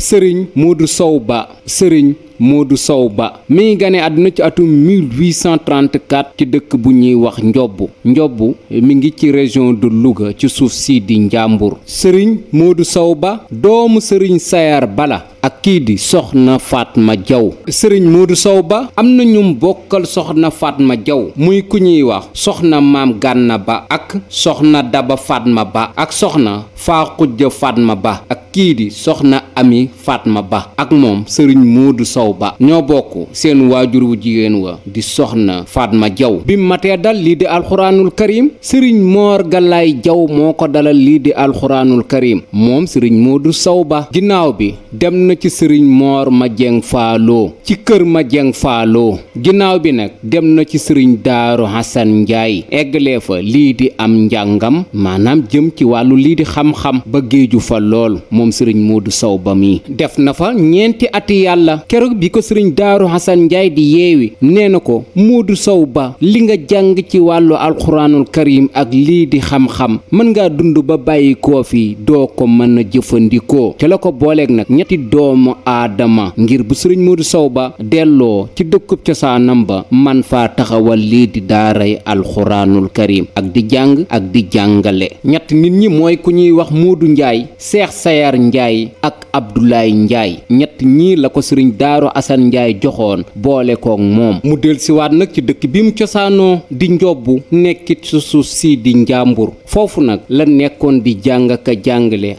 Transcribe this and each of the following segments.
Serigne Modou Sow Ba Serigne Modou Sow Ba mi ngi gane àdduna ci atum 1834 ci dëkk bu ñuy wax Ndiob Ndiob mi ngi ci région du Louga ci suuf sii di Njàmbur Serigne Modou Sow Ba doomu Serigne Sayar Bala ak kii di soxna Fatma Jaw sëriñ Modou Sow Ba am na ñum bokkal soxna Fatma Jaw muy ku ñuy wax soxna maam Gànna Ba ak soxna Daba Fatma Ba ak soxna Faaxujja Fatma Ba ak kii di soxna Ami Fatma Ba ak moom sëriñ Modou Sow Jaw Ba ñoo bokk seen waajur wu jigéen wa di soxna ma Jaw bi mu matee dal lii di alxuraanul karim sëriñ Moor Galaay Jaw moo ko dalal lii di alxuraanul karim moom sëriñ moo du Saw Ba ginnaaw bi dem na ci sëriñ Moor Majeng Faaloo ci kër ma Majeng Faaloo ginnaaw bi nag dem na ci sëriñ Daaru Hasan Njaay eggalee fa lii di am njàngam maanaam jëm ci wàllu lii di xam-xam ba géeju fa lool moom sëriñ Moodu Saw Ba mi def na fa ñeenti ati yàlla keroog bi ko sëriñ daaru xasan njaay di yeewi nee na ko moodu sow ba li nga jàng ci wàllu alxuraanul karim ak lii di xam-xam mën ngaa dund ba bàyyi koo fi doo ko mën a jëfandikoo ca la ko booleeg nag ñetti doomu aadama ngir bu sëriñ moodu sow ba delloo ci dëkku cosaanam ba man faa taxawal lii di daaray alxuraanul karim ak di jàng ak di jàngale ñett nit ñi mooy ku ñuy wax muudu njaay seex sayar njaay ak abdoulaye njaay ñett ñii la ko sëriñ Daaru Assane Ndiaye joxoon boole koog moom mu dellusiwaat nag ci dëkk bi mu cosaanoo di njobbu nekkit su suuf sii di njàmbur foofu nag la nekkoon di jàng ka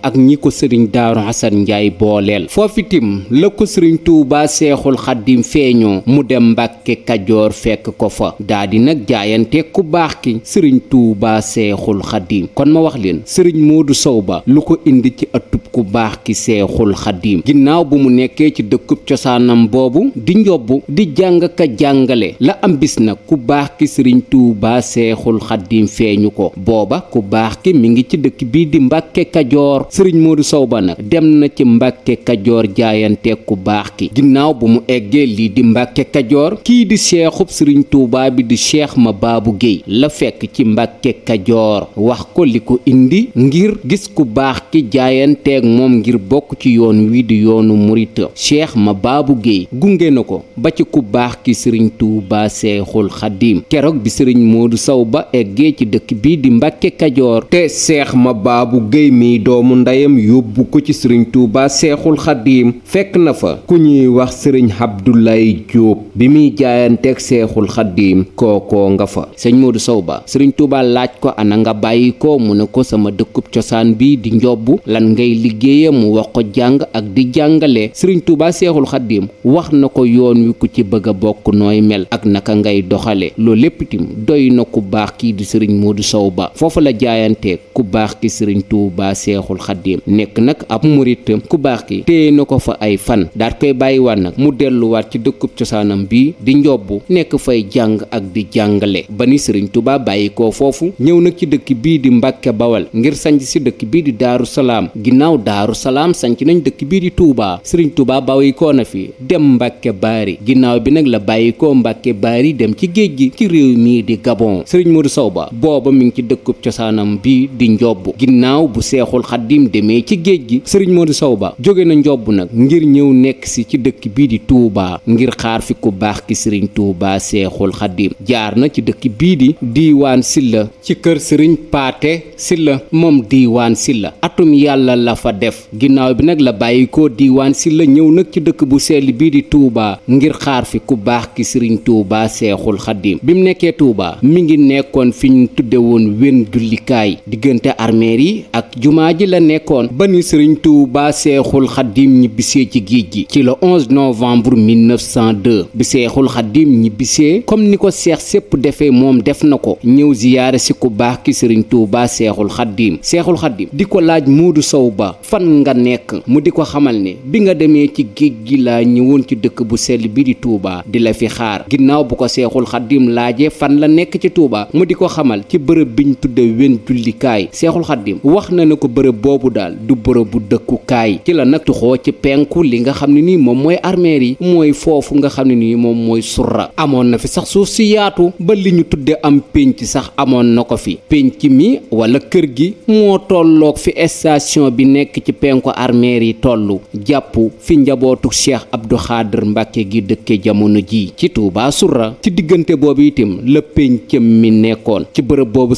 ak ñi ko sëriñ Daaru Assane Ndiaye booleel foofu tim la ko sëriñ Tuubaa Seexul Xaddim feeñoo mu dem Mbàkke Kajoor fekk ko fa daldi nag jaayante ku baax ki sëriñ tuuba Seexul Xaddim kon ma wax leen sëriñ Moodu Sow ba lu ko indi ci ëttub ku baax ki Seexul Xaddim ginnaaw bu mu nekkee ci dëkkub cosaanoo ñaanam boobu di njobbu di jàng ka jàngale la am bis na ku baax ki sëriñ tuubaa seexul xaddim feeñu ko booba ku baax ki mu ngi ci dëkk bii di mbàkke kajoor sëriñ moodu sow ba nag dem na ci mbàkke kajoor jaayante ku baax ki ginnaaw bu mu eggee lii di mbàkke kajoor kii di seexub sëriñ tuuba bi di cheikh ma baabu géey la fekk ci mbàkke kajoor wax ko li ko indi ngir gis ku baax ki jaayanteeg moom ngir bokk ci yoon wi di yoonu murit cheikh ma baabu Guèye gunge na ko ba ci ku baax ki sëriñ Tuuba Seexul Xadiim keroog bi sëriñ Moodu Sow ba eggee ci dëkk bii di Mbàkke Kajoor te seex ma baabu Guèye mi doomu ndeyam yóbbu ko ci sëriñ Tuuba Seexul Xadiim fekk na fa ku ñuy wax sëriñ xabdu lay Diop bi muy jaayanteeg Seexul Xadiim kookoo nga fa sëñ Moodu Sow ba sëriñ Tuuba laaj ko ana nga bàyyi ko mu ne ko sama dëkkub cosaan bi di njobbu lan ngay liggéeye mu wax ko jàng ak di jàngale sëriñ Tuuba Seexul Xadiim wax na ko yoon wi ku ci bëgg a bokk nooy mel ak naka ngay doxale loolu lépp itam doy na ku baax kii di sëriñ Modou Sow ba foofu la jaayantee ku baax ki sëriñ Tuubaa Seexul Xaddiim nekk nag ab murit ku baax ki téye na ko fa ay fan daat koy bàyyiwaat nag mu delluwaat ci dëkkub cosaanam bi di njobbu nekk fay jàng ak di jàngale ba ni sëriñ Tuubaa bàyyi foofu ñëw nag ci dëkk bii di Mbàkke Bawal ngir sanc si dëkk bii di Daaru Salaam ginnaaw Daaru Salaam sanc nañ dëkk bii di Tuubaa sëriñ Tuubaa bàyyi na fi dem Mbàkke Baari ginnaaw bi nag la bàyyikoo ko Mbàkke Baari dem ci géej gi ci réew mii di Gabon sëriñ Modou di njobb ginnaaw bu seexul xaddim demee ci géej gi sëriñ moo Modou Sow Ba jóge na njobb nag ngir ñëw nekk si ci dëkk bii di Touba ngir xaar fi ku baax ki sëriñ Touba seexul xaddim jaar na ci dëkk bii di diiwaan silla ci kër sëriñ Paate Silla moom diiwaan silla atum la fa def ginnaaw bi nag la bàyyi ko diiwaan silla ñëw nag ci dëkk bu sell bii di Touba ngir xaar baax ki sëriñ Touba seexul xaddim mu nekkee Touba mi ngi nekkoon fi ñu tudde woon wen jullikaay diggante armeer yi ak jumaa ji la nekkoon ba ni sëriñ Tuuba seexul xaddim ñibbisee ci géej gi ci le 11 novembre 1902 bi seexul xaddim ñibbisee comme ni ko seex sépp defee moom def na ko ñëw ziyaare si ku baax ki sëriñ Tuuba seexul xaddim seexul xaddim di ko laaj Moodu Sow ba fan nga nekk mu di ko xamal ne bi nga demee ci géej gi laa ñëwoon ci dëkk bu sell bi di Tuuba di la fi xaar ginnaaw bu ko seexul xaddim laajee fan la nekk ci Tuuba mu di ko xamal ci bërëb dëkkukaay seexul xaddim wax na ne ko bërëb boobu daal du bërëb bu dëkkukaay ci la nag tuxoo ci penku li nga xam ne nii moom mooy armeer yi mooy foofu nga xam ne nii moom mooy surra amoon na fi sax suuf si yaatu ba li ñu tudde am pénc sax amoon na ko fi pénc mi wala kër gi moo tollook fi station bi nekk ci penku armeer yi tollu jàpp fi njabootu cheikh abdou xaadir mbàkke gi dëkke jamono ji ci tuubaa surra ci diggante boobu itam la péncam mi nekkoon ci bërëb boobu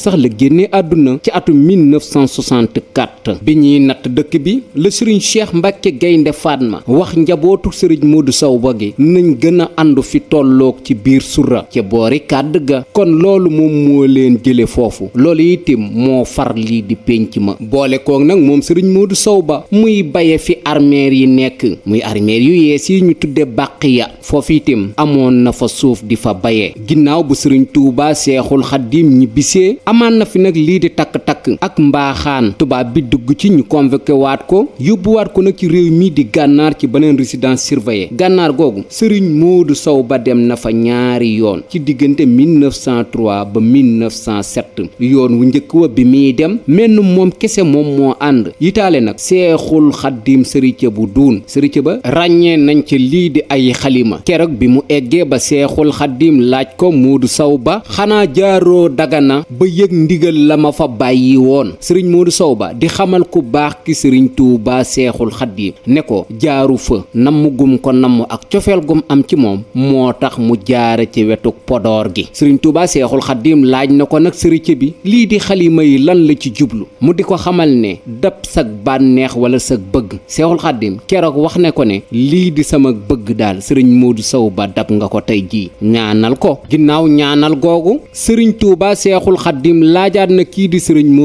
1964 bi ñuy natt dëkk bi la sëriñ Cheikh Mbacke Gaynde Fatma wax njabootu sëriñ Modou Sow ba gi nañ gën a àndu fi tolloog ci biir surra ci boori kàdd ga kon loolu moom moo leen jële foofu loolu itam moo far lii di pénc ma boole koog nag moom sëriñ Modou Sow ba muy baye fi armeer yi nekk muy armeer yu yees yi ñu tudde ya foofu itam amoon na fa suuf di fa baye ginnaaw bu sëriñ Touba Seexul Xaddiim ñibbisee amaan na fi nag lii di takk-takk takk ak mbaaxaan tubaab bi dugg ci ñu convoqué waat ko yóbbuwaat ko nag ci réew mi di gànnaar ci beneen résidence surveillée gànnaar googu sëriñ du Sow ba dem na fa ñaari yoon ci diggante 1903 ba 1907 yoon wu njëkk wa bi muy dem menn moom kese moom moo ànd yitaale nag seexul xaddim sërica bu duun sërica ba ràññee nañ ca lii di ay xalima keroog bi mu eggee ba seexul xaddim laaj ko Moodu saw ba xanaa jaaroo dagana ba yëg ndigal la ma fa bàyyi yi woon sëriñ Modou Sow ba di xamal ku baax ki sëriñ Touba Seexul Xadiim ne ko jaaru fa namm gum ko namm ak cofeel gum am ci moom moo tax mu jaare ci wetuk podoor gi sëriñ Touba Seexul Xadiim laaj na ko nag sëriñ bi lii di xalima yi lan la ci jublu mu di ko xamal ne dab sag bànneex wala sag bëgg Seexul Xadiim keroog wax ne ko ne lii di sama bëgg daal sëriñ Modou Sow ba dab nga ko tey jii ñaanal ko ginnaaw ñaanal googu sëriñ Touba Seexul Xadiim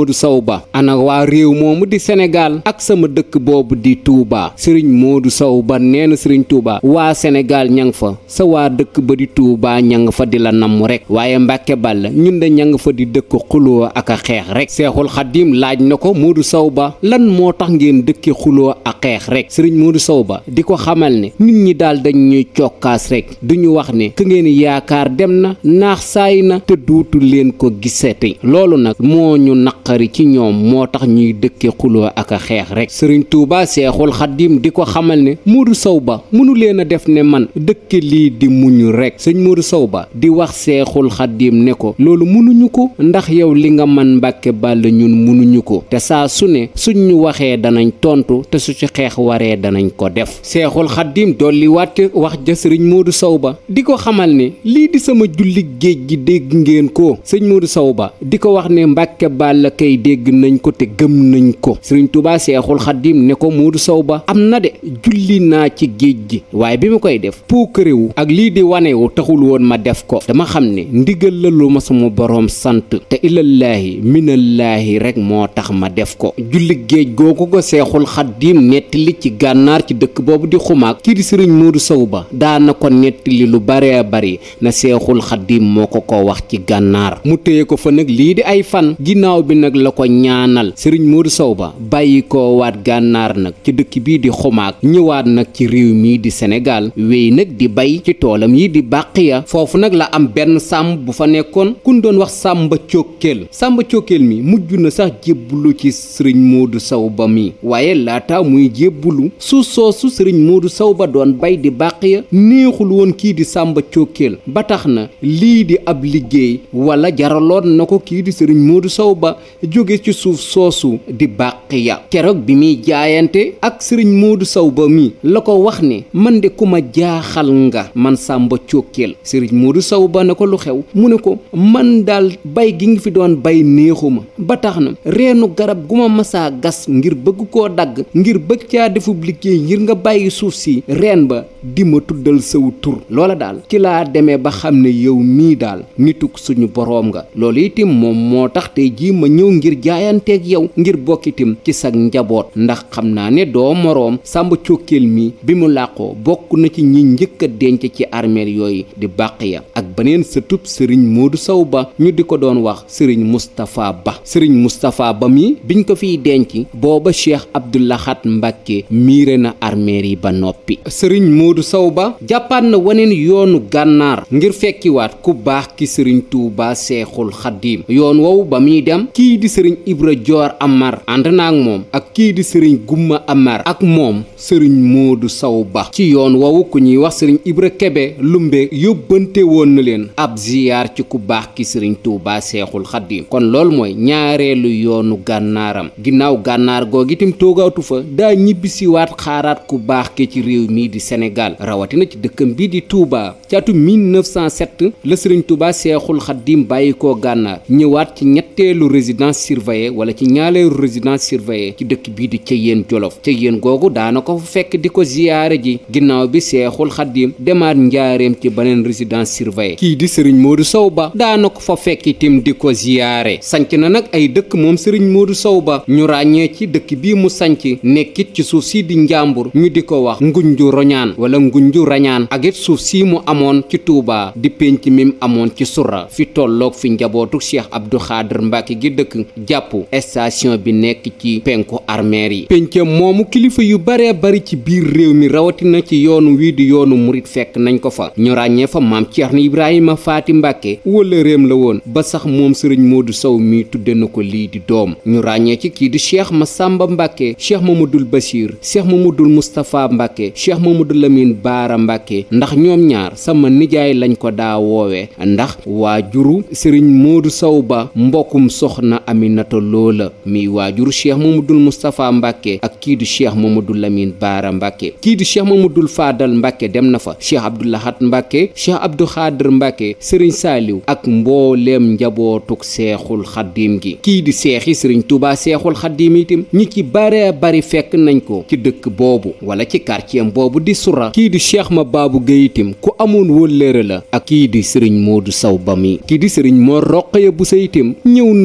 Modou Sow Ba ana waa réew moomu di Sénégal ak sama dëkk boobu di Touba sëriñ moo Modou Sow Ba nee na sëriñ Touba waa senegaal ñang fa sa waa dëkk ba di Touba ñang fa di la namm rekk waaye Mbàkke Balla ñun de ñang fa di dëkk xuloo ak xeex rek Seexul Xadim laaj na ko Modou Sow Ba lan moo tax ngeen dëkke xuloo ak xeex rek sëriñ Modou Sow Ba di ko xamal ne nit ñi daal dañ ñuy cokkaas rek duñu wax ne ka ngeen yaakaar dem na naax saay na te leen ko gisati naqari ci ñoom moo tax ñuy dëkke xuloo ak a xeex rek sëriñ Touba seexul xaddim di ko xamal ne Modou saw Ba mënu leen a def ne man dëkke lii di muñu rekk sëñ Modou Sow Ba di wax seexul xaddim ne ko loolu mënuñu ko ndax yow li nga man mbàkke bàll ñun mënuñu ko te saa su ne suñ ñu waxee danañ tontu te su ci xeex waree danañ ko def seexul xaddim dolli waat wax ja sëriñ Modou Sow Ba di ko xamal ne lii di sama julli géej gi dégg ngeen ko sëñ di ko wax tey dégg nañ ko te gëm nañu ko sëriñ Tuubaa Seexul Xaddim ne ko Moodu saw ba am na de julli naa ci géej gi waaye bi ma koy def puukarewu ak lii di wanewu taxul woon ma def ko dama xam ne ndigal la lu ma sama boroom sant te ilallaahi minallaahi rek moo tax ma def ko julli géej googu ko Seexul Xaddim li ci gànnaar ci dëkk boobu di xumaak kii di sëriñ Moodu Sow ba daana ko nettali lu baree bari na Seexul Xaddim moo ko ko wax ci gànnaar mu téye nag la ko ñaanal sëriñ Modou Sow ba bàyyi ko waat gànnaar nag ci dëkk bii di xumaag ñëwaat nag ci réew mii di senegaal wéy nag di bay ci toolam yi di bàq ya foofu nag la am benn sàmm bu fa nekkoon kun doon wax sàmba cókkeel sàmba cókkeel mi mujj na sax jébbalu ci sëriñ Modou Sow ba mi waaye laata muy jébbalu su soosu sëriñ Modou Sow ba doon bay di bàq ya neexul woon kii di sàmba cókkeel ba tax na lii di ab liggéey wala jaraloon na ko kii di sëriñ jóge ci suuf soosu di Baqiya keroog bi muy jaayante ak sëriñ Moodu Saw ba mi la ko wax ni man de ku ma jaaxal nga man Sàmba Cokkeel sëriñ Moodu Saw ba ne ko lu xew mu ne ko man daal bay gi nga fi doon bay ma ba tax na reenu garab gu ma masaa gas ngir bëgg koo dagg ngir bëgg caa defub liggéey ngir nga bàyyi suuf si reen ba di ma tuddal saw tur loola daal ci laa demee ba xam ne yow mii daal nituk suñu boroom nga loolu itam moom moo tax tey jii ñëw ngir jaayanteeg yow ngir bokkitim ci sag njaboot ndax xam naa ne doo moroom sàmba cókkeel mi bi mu làqoo bokk na ci ñi njëkk a denc ci armeel yooyu di bàq ya ak beneen sëtub sëriñ moodu saw ba ñu di ko doon wax sëriñ mustapha ba sëriñ mustapha ba mi biñ ko fiy denc booba cheikh abdoulahat mbàkke miire na armeel yi ba noppi sëriñ moodu saw ba jàppaat na waneen yoonu gànnaar ngir fekkiwaat ku baax ki sëriñ tuuba seexul xaddiim yoon woowu ba muy kii di sëriñ Ibra Joor Amar ànd naa moom ak kii di sëriñ Gumma Amar ak moom sëriñ Moodu Saw Ba ci yoon woowu ku ñuy wax sëriñ Ibra Kebe Lumbe yóbbante woon na leen ab ziyaar ci ku baax ki sëriñ Tuubaa Seexul Xaddiim kon loolu mooy ñaareelu yoonu gànnaaram ginnaaw gànnaar googu itam toogaatu fa daa ñibbisi waat xaaraat ku baax ki ci réew mii di Sénégal rawatina ci dëkkam bi di Touba ci atum 1907 la sëriñ Tuubaa Seexul Xaddiim bàyyi koo gànnaar ñëwaat ci ñetteelu résidence résidence surveillée wala ci ñaareelu résidence surveillée ci dëkk bii di ca Ceyeen Jolof Ceyeen googu daana ko fekk di ko ziyaare ji ginnaaw bi seexul xaddiim demaat njaareem ci beneen résidence surveillée kii di sëriñ Modou Sow ba daana ko fa fekk itam di ko ziyaare sanc na nag ay dëkk moom sëriñ moo Modou Sow ba ñu ràññee ci dëkk bii mu sanc nekkit ci suuf si di njàmbur ñu di ko wax ngunju roñaan wala ngunju rañaan ak suuf si mu amoon ci Touba di pénc mim nekk jàpp station bi nekk ci penku armeer yi pencam moomu kilifa yu baree bari ci biir réew mi rawatina ci yoonu wii di yoonu murit fekk nañ ko fa ñu ràññee fa maam Ceerno Ibrahima Faati Mbàkke wala réem la woon ba sax moom sëriñ Moodu Sow mi tudde na ko lii di doom ñu ràññee ci kii di cheikh Masamba Mbàkke cheikh Mamadul Bachir cheikh Mamadul Moustapha Mbàkke cheikh Mamadul Lamine Baara Mbàkke ndax ñoom ñaar sama nijaay lañ ko daa woowee ndax waajuru sëriñ Aminata Lo la miy waajuru cheikh Mamadou Moustapha Mbacke ak kii di cheikh Mamadou Lamine Baara Mbacke kii di cheikh Mamadou Fadal Mbacke dem na fa cheikh Abdou Lahad Mbacke cheikh Abdou Khader Mbacke Serigne Saliou ak mbooleem njabootug seexul xaddiim gi kii di seexi Serigne Touba seexul xaddiim itam ñi ci bare bari fekk nañ ko ci dëkk boobu wala ci quartier boobu di sura kii di cheikh ma baabu Guèye ku amoon wëllëre la ak kii di Serigne Modou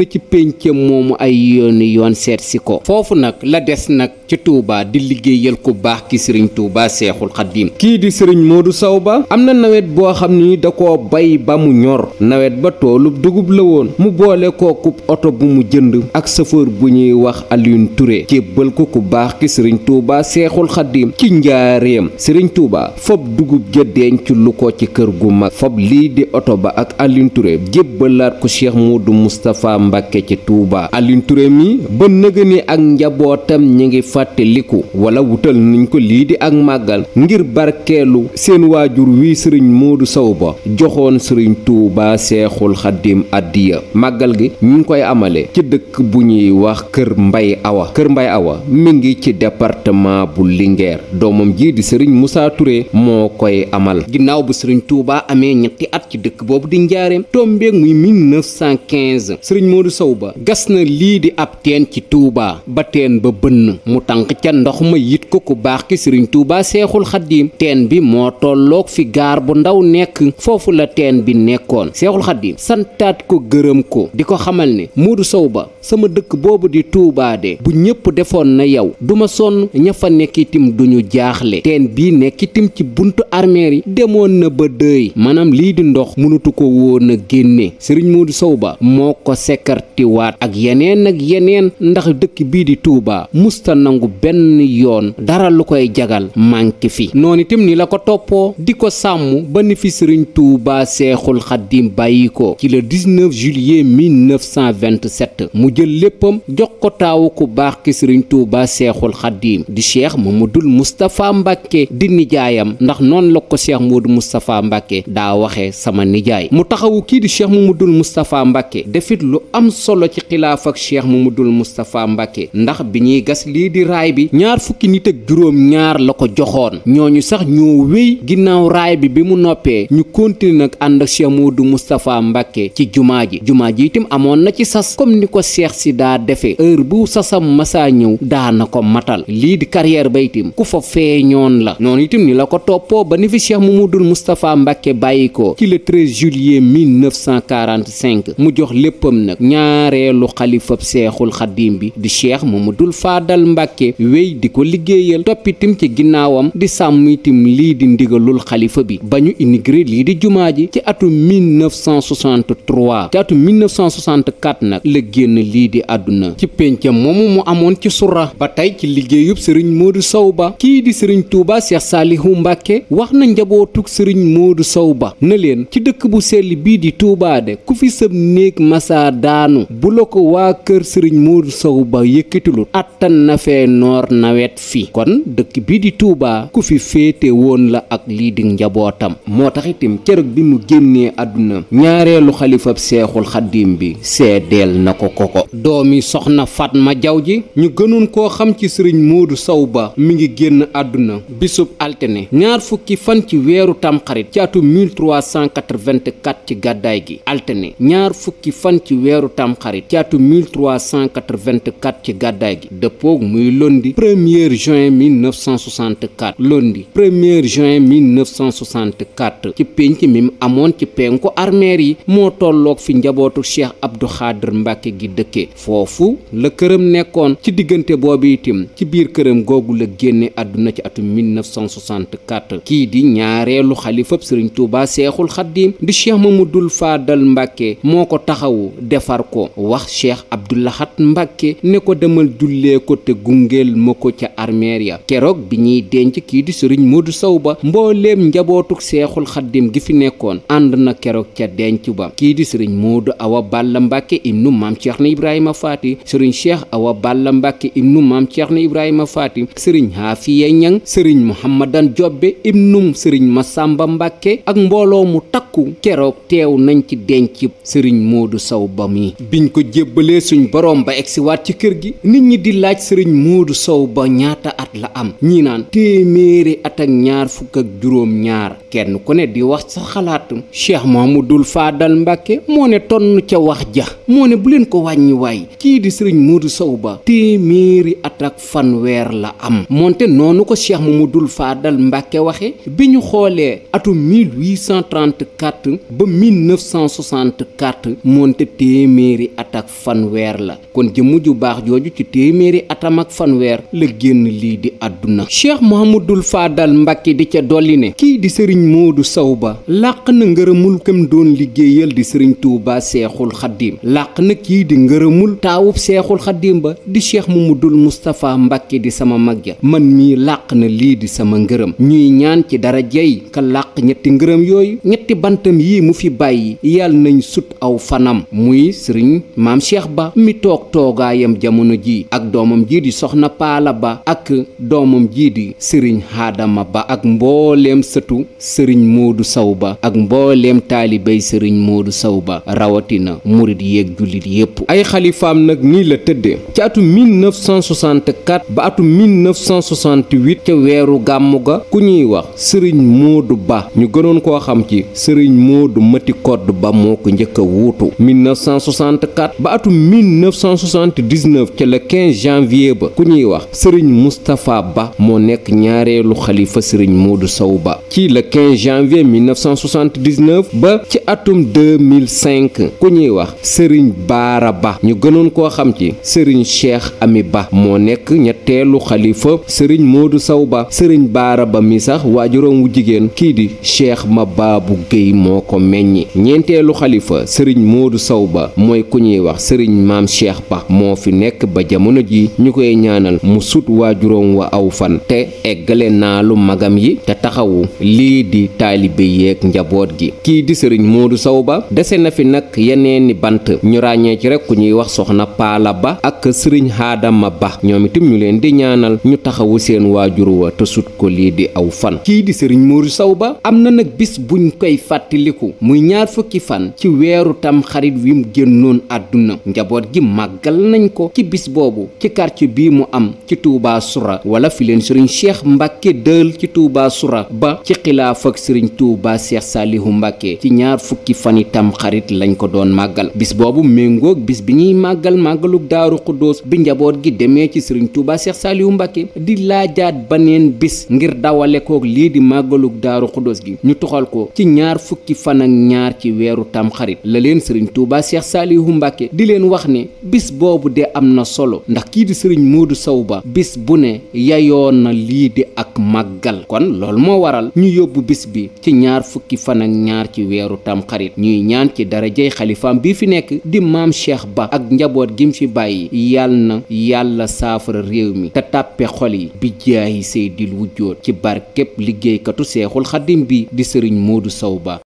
di pénc moomu ay yoon seet si ko foofu nag la des nag ci Touba di liggéeyal ku baax ki sëriñ Touba Seexul Xaddiim kii di sëriñ Modou Sow ba am na nawet boo xam ni da ko bay ba mu ñor nawet ba toolub dugub la woon mu boole kooku oto bu mu jënd ak chauffeur bu ñuy wax Alioune Touré jébbal ko ku baax ki sëriñ tuuba Seexul Xaddiim ci njaareem sëriñ tuuba fob dugub ja denc lu ko ci kër gu mag fob lii di oto ba ak Alioune Touré jébbalaat ko Cheikh Modou Moustapha Mbacke ci Touba Alioune mi ba nëgëni ak njabootam ñi ngi fàttaliku wala wutal nañ ko lii di ak màggal ngir barkeelu seen waajur wi sëriñ moodu Sow ba joxoon sëriñ Touba Seexul Xaddim addiya màggal gi ñu ngi koy amale ci dëkk bu ñuy wax Kër Mbay Awa Kër Mbay Awa mi ngi ci département bu Linguère doomam jii di sëriñ Moussa Touré moo koy amal ginnaaw bu sëriñ Touba amee ñetti at ci dëkk boobu di njaareem tombeeg muy 1915 sëriñ Modou Sow ba gas na lii di ab teen ci tuubaa ba teen ba bënn mu tànk ca ndox ma yit ko ku baax ki sëriñ Touba seexul xaddiim teen bi moo tolloog fi gaar bu ndaw nekk foofu la teen bi nekkoon seexul xaddiim santaat ko gërëm ko di ko xamal ne Modou Sow ba sama dëkk boobu di tuubaa de bu ñépp defoon na yow duma sonn ña fa nekk itim duñu jaaxle teen bii nekk itim ci buntu armeer demoon na ba dëy maanaam lii di ndox mënatu ko woon a génne sëriñ Modou Sow ba moo waat ak yeneen ak yeneen ndax dëkk bii di Touba musta nangu benn yoon dara lu koy jagal manqué fi noonu itam ni la ko toppoo di ko sàmm ba ni fi sëriñ Touba seexul xaddim bàyyi ko ci le 19 juillet 1927 mu jël léppam jox ko taawu ku baax ki sëriñ Touba seexul xaddim di mu cheikh Mamadul Moustapha Mbacke di nijaayam ndax noon la ko mu Modou Moustapha Mbacke daa waxe sama nijaay mu taxawu kii di cheikh Mamadul Moustapha Mbacke defit lu am solo solo ci xilaaf ak cheikh Mamadul Moustapha Mbacke ndax bi ñuy gas lii di raay bi ñaar fukki nit ak juróom ñaar la ko joxoon ñoo ñu sax ñoo wéy ginnaaw raay bi bi mu noppee ñu continué nag ànd ak cheikh Mamadou Moustapha Mbacke ci jumaa ji jumaa ji itam amoon na ci sas comme ni ko cheikh si daa defee heure bu sasam masaa ñëw daana ko matal lii di carrière ba itam ku fa feeñoon la noonu itam ni la ko toppoo ba ni fi cheikh Mamadul Moustapha Mbacke bàyyi ko ci le 13 ñaareelu xalifab seexul xaddiim bi di cheikh mamadul faadal mbàkke wéy di ko liggéeyal toppitim ci ginnaawam di sàmmitim lii di ndigalul xalifa bi ba ñu inigré lii di juma ji ci atum 1963 ci atum 1964 nag la génn lii di àdduna ci péncam moom mu amoon ci sura ba tey ci liggéeyub sëriñ moodu sow ba kii di sëriñ tuuba seex saalihu mbàkke wax na njabootug sëriñ moodu sow ba na leen ci dëkk bu sell bii di tuubaa de ku fi sëb néeg masa daanu bu la ko waa kër sëriñ Modou Sow ba yëkkatilut attan na fee noor nawet fi kon dëkk bi di Touba ku fi féete woon la ak lii njabootam moo tax itim keroog bi mu génnee àdduna ñaareelu xalifa seexul xaddim bi seedeel na ko ko ko doomi soxna Fatma Jaw ji ñu gënoon koo xam ci sëriñ Modou saw ba mi ngi génn àdduna bisub altine ñaar fukki fan ci weeru tamxarit ci atum 1384 ci gàddaay gi altene ñaar fukki fan ci weeru tamxarit tamxarit ci atum 1384 ci gàddaay gi dëppoog muy lundi 1er juin 1964 lundi 1er juin 1964 ci pénc mi amoon ci penku armeer yi moo tolloog fi njabootu cheikh Abdou Khader Mbacke gi dëkkee foofu la këram nekkoon ci diggante boobu itim ci biir këram googu la génne àdduna ci atum 1964 kii di ñaareelu xalifab sëriñ Touba Seexul Xaddiim di cheikh Mamadul Faadal Mbacke moo ko taxawu defar ko wax cheikh Abdou Lahad Mbacke ne ko demal jullee ko te gungeel ma ko ca armeel ya keroog bi ñuy denc kii di sëriñ Modou Sow ba mbooleem njabootuk seexul xaddim gi fi nekkoon ànd na keroog ca denc ba kii di sëriñ moodu Awa Balla Mbacke ibnu maam cheikh na Ibrahima faati sëriñ cheikh Awa Balla Mbacke ibnu maam cheikh na Ibrahima Faty sëriñ Hafiya Ñang sëriñ Mouhamadan Jobbe ibnum sëriñ ma sàmba Mbacke ak mbooloo mu takku keroog teew nañ ci denc sëriñ Modou Sow ba biñ ko jébbalee suñu borom ba waat ci kër gi nit ñi di laaj sëriñ Modou Sow ba ñaata at la am ñii naan téeméeri at ak ñaar fukk ak juróom ñaar kenn ku ne di wax sa xalaat mu dul Fadal Mbacke moo ne tonn ca wax ja moo ne bu leen ko wàññi waay kii di sëriñ Modou Sow ba téeméeri at ak fanweer la am moonte noonu ko mu dul Fadal Mbacke waxe bi ñu xoolee atum ba moonte téeméeri téeméeri at ak fanweer la kon jëmm ju baax jooju ci téeméeri atam ak fanweer la génn lii di àdduna cheikh mohamadul faadal mbàkke di ca dolli ne kii di sëriñ moodu saw ba làq na ngërëmul këm doon liggéeyal di sëriñ tuubaa seexul xaddiim làq na kii di ngërëmul taawub seexul xaddiim ba di cheikh mamadul mustapha mbàkke di sama mag ja man mii làq na lii di sama ngërëm ñuy ñaan ci dara jey ka làq ñetti ngërëm yooyu ñetti bantam yii mu fi bàyyi yàlla nañ sut aw fanam muy sëriñ Serigne maam Cheikh Ba mi toog toogaayam jamono ji ak doomam jii di soxna Paala Ba ak doomam jii di Serigne Hadama Ba ak mbooleem sëtu sëriñ Modou saw Ba ak mbooleem taalibey Serigne Modou Sow Ba rawatina murit yeeg jullit yépp ay xalifaam nag nii la tëddee ci atu 1964 ba atu 1968 ca weeru gàmmu ga ku ñuy wax sëriñ Modou Ba ñu gënoon koo xam ci sëriñ Modou Mati Kodd Ba moo ko njëkk a wuutu 1964 ba atum 1979 ca le 15 janvier ba ku ñuy wax sëriñ Moustapha Ba moo nekk ñaareelu xalifa sëriñ Modou Sow Ba ci le 15 janvier 1979 ba ci atum 2005 ku ñuy wax sëriñ Baara ñu gënoon koo xam ci sëriñ Cheikh Ami Ba moo nekk ñetteelu xalifa sëriñ Modou Sow Ba sëriñ Baara Ba mi sax waajuram wu jigéen kii di Cheikh Mabaabu Guèye moo ko meññi ñeenteelu xalifa sëriñ Modou Sow Ba mooy ku ñuy wax sëriñ maam Cheikh Ba moo fi nekk ba jamono ji ñu koy ñaanal mu sut waajuróom wa aw fan eggale naa lu magam yi te taxawu lii di taalibe yeeg njaboot gi kii di sëriñ Modou saw Ba dese na fi nag ni bant ñu ràññee ci rek ku ñuy wax soxna Paala Ba ak sëriñ xaadama Ba ñoom itam ñu leen di ñaanal ñu taxawu seen waajur wa te sut ko lii di aw fan kii di sëriñ Modou Sow Ba am na nag bis buñ koy fàttaliku muy ñaar fukki fan ci weeru tam wi mu génnoon àdduna njaboot gi màggal nañ ko ci bis boobu ci quartier bii mu am ci Touba sura wala fi leen sëriñ Cheikh Mbacke dël ci Touba Soura ba ci xilaaf ak sëriñ Touba Cheikh Salihu Mbacke ci ñaar fukki fan yi tam xarit lañ ko doon màggal bis boobu méngoog bis bi ñuy màggal màggalug Daaru Xuddoos bi njaboot gi demee ci sëriñ Touba seex Salihu Mbacke di laajaat neen bis ngir dawale koog lii di màggalug Daaru Xuddoos gi ñu toxal ko ci ñaar fukki fan ak ñaar Mbàkke di leen wax ni bis boobu de am na solo ndax kii di sëriñ muudu Sow Ba bis bu ne yayoon na lii di ak màggal kon loolu moo waral ñu yóbbu bis bi ci ñaar fukki fan ak ñaar ci weeru tamxarit ñuy ñaan ci darajey xalifaam bi fi nekk di maam Cheikh Ba ak njaboot gim fi bàyyi yàll na yàlla saafara réew mi te tàppe xol yi bi jaayi say dil wujjoot ci képp liggéeykatu seexul xadim bi di sëriñ muudu Sow Ba